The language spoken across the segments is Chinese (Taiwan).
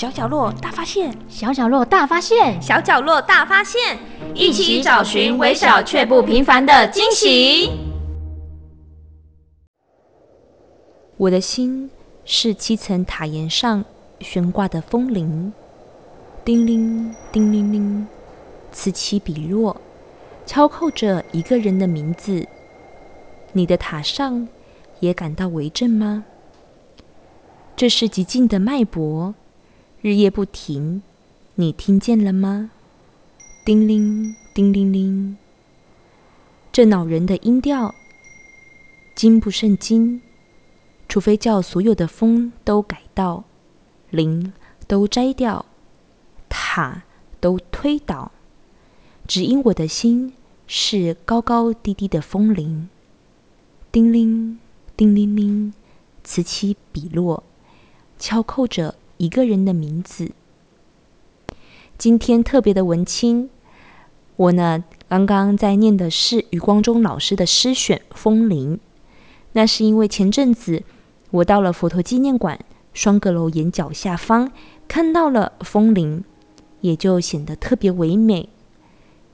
小角，小角落大發現，小角落大發現，小角落大發現，一起找尋微小卻不平凡的驚喜。我的心是七層塔檐上懸掛的風鈴，叮鈴叮鈴鈴，此起彼落，敲扣着一個人的名字。你的塔上也感到微震嗎？這是極靜的脈搏。日夜不停，你聽見了嗎？叮鈴，叮鈴鈴。這惱人的音調，禁不勝禁，除非叫所有的風都改道，鈴都摘掉，塔都推倒，只因我的心是高高低低的風鈴。叮鈴，叮鈴鈴，此起彼落，敲扣着。一個人的名字。今天特別的文青，我呢剛剛在念的是余光中老師的詩選《風鈴》，那是因為前陣子我到了佛陀紀念館雙閣樓檐角下方看到了風鈴，也就顯得特別唯美，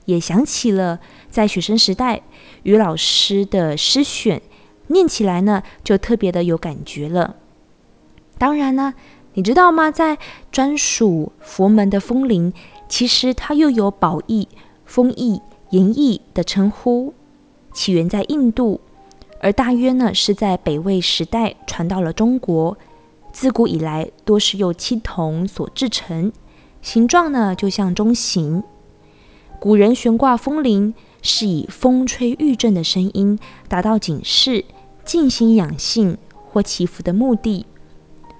也想起了在學生時代余老師的詩選，念起來呢就特別的有感覺了。當然呢。你知道嗎？在專屬佛門的風鈴，其實它又有寶意、風意、言意的稱呼，起源在印度，而大約呢是在北魏時代傳到了中國。自古以來，多是由青銅所製成，形狀呢就像鐘形。古人懸掛風鈴，是以風吹玉振的聲音，達到警示、靜心養性或祈福的目的。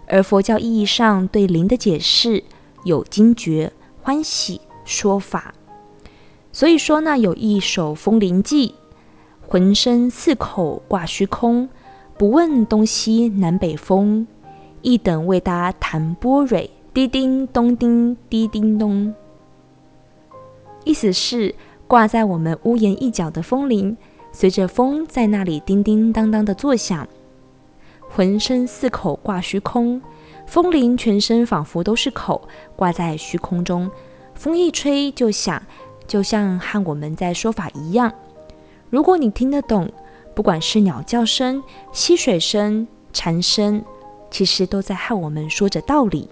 而佛教意義上對鈴的解釋有驚覺、歡喜、說法。所以說呢，有一首《風鈴偈》，渾身似口掛虛空，不問東西南北風，一等為他談般若，滴叮咚,咚叮滴叮咚。意思是掛在我們屋檐一角的風鈴，隨着風在那裡叮叮當當的作響。渾身似口掛虛空，風鈴全身仿佛都是口掛在虛空中，風一吹就響，就像和我們在說法一樣。如果你聽得懂，不管是鳥叫聲、溪水聲、蟬聲，其實都在和我們說着道理。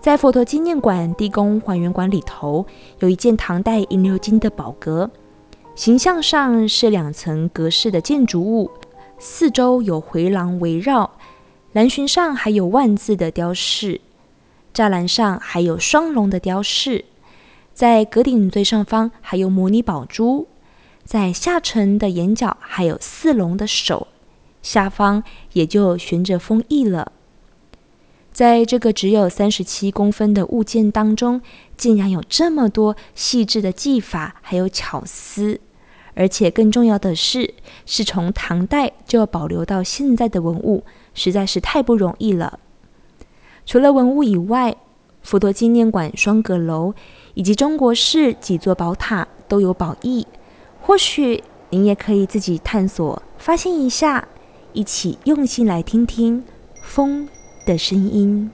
在佛陀紀念館地宮還原館裡頭，有一件唐代銀鎏金的寶閣，形象上是兩層閣式的建築物。四周有回廊圍繞，欄楯上還有萬字的雕飾，柵欄上還有雙龍的雕飾，在閣頂最上方還有摩尼寶珠，在下層的簷角還有四龍的手，下方也就懸着風鈴了。在這個只有三十七公分的物件當中，竟然有這麼多細緻的技法，還有巧思。而且更重要的是，是從唐代就要保留到現在的文物，實在是太不容易了。除了文物以外，佛陀紀念館雙閣樓以及中國式幾座寶塔都有寶意。或許您也可以自己探索、發現一下，一起用心來聽聽風的聲音。